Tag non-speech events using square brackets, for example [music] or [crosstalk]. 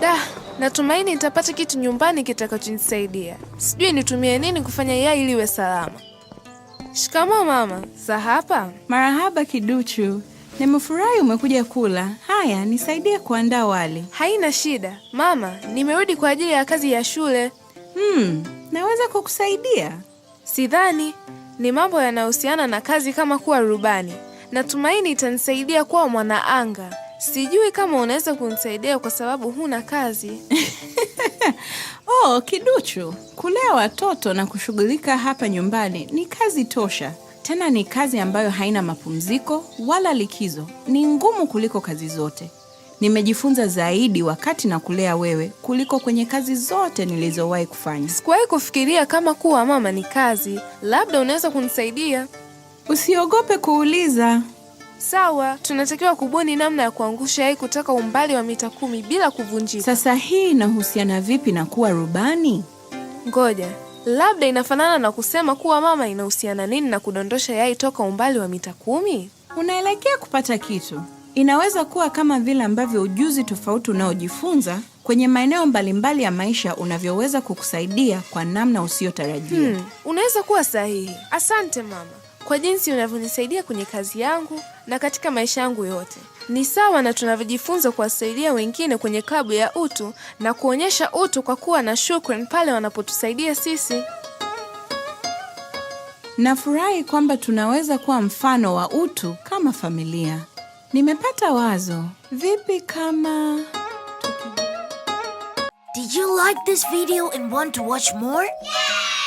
Da, natumaini nitapata kitu nyumbani kitakachonisaidia. Sijui nitumie nini kufanya yai iwe salama. Shikamo mama, za hapa. Marahaba kiduchu. Nimefurahi umekuja kula. Haya, nisaidie kuandaa wali. Haina shida mama, nimerudi kwa ajili ya kazi ya shule. Hmm, naweza kukusaidia? Sidhani. Ni mambo yanayohusiana na kazi kama kuwa rubani. Natumaini itanisaidia kuwa mwanaanga. Sijui kama unaweza kunisaidia kwa sababu huna kazi. [laughs] Oh, kiduchu, kulea watoto na kushughulika hapa nyumbani ni kazi tosha. Tena ni kazi ambayo haina mapumziko wala likizo. Ni ngumu kuliko kazi zote. Nimejifunza zaidi wakati na kulea wewe kuliko kwenye kazi zote nilizowahi kufanya. Sikuwahi kufikiria kama kuwa mama ni kazi. Labda unaweza kunisaidia. Usiogope kuuliza. Sawa, tunatakiwa kubuni namna ya kuangusha yai kutoka umbali wa mita kumi bila kuvunjika. Sasa hii inahusiana vipi na kuwa rubani? Ngoja, labda inafanana na kusema kuwa mama inahusiana nini na kudondosha yai toka umbali wa mita kumi? Unaelekea kupata kitu. Inaweza kuwa kama vile ambavyo ujuzi tofauti unaojifunza kwenye maeneo mbalimbali ya maisha unavyoweza kukusaidia kwa namna usiyotarajia. Hmm. Unaweza kuwa sahihi. Asante mama kwa jinsi unavyonisaidia kwenye kazi yangu na katika maisha yangu yote. Ni sawa na tunavyojifunza kuwasaidia wengine kwenye klabu ya utu na kuonyesha utu kwa kuwa na shukrani pale wanapotusaidia sisi. Nafurahi kwamba tunaweza kuwa mfano wa utu kama familia. Nimepata wazo. Vipi kama Did you like this video and want to watch more? Yeah!